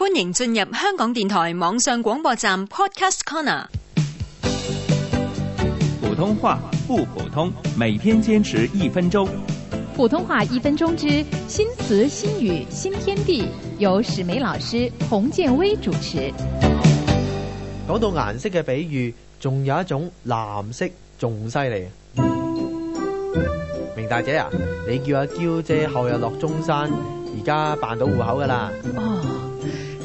歡迎進入香港電台網上廣播站 Podcast Corner。普通話不普通，每天堅持一分鐘。普通話一分鐘之新詞新語新天地，由史梅老師洪建威主持。講到顏色嘅比喻，仲有一種藍色仲犀利。明大姐啊，你叫阿嬌姐後日落中山，而家辦到戶口噶啦。哦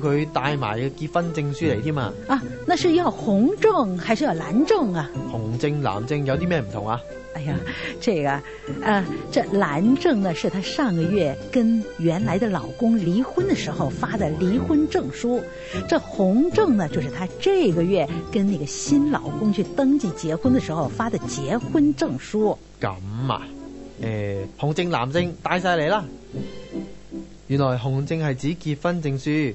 佢帶埋嘅結婚證書嚟添啊！啊，那是要紅證還是要藍證啊？紅證、藍證有啲咩唔同啊？哎呀，這個，啊，這藍證呢，是她上個月跟原來的老公離婚的時候發的離婚證書。這紅證呢，就是她這個月跟那個新老公去登記結婚的時候發的結婚證書。咁啊，誒、呃，紅證、藍證帶晒嚟啦。原來紅證係指結婚證書。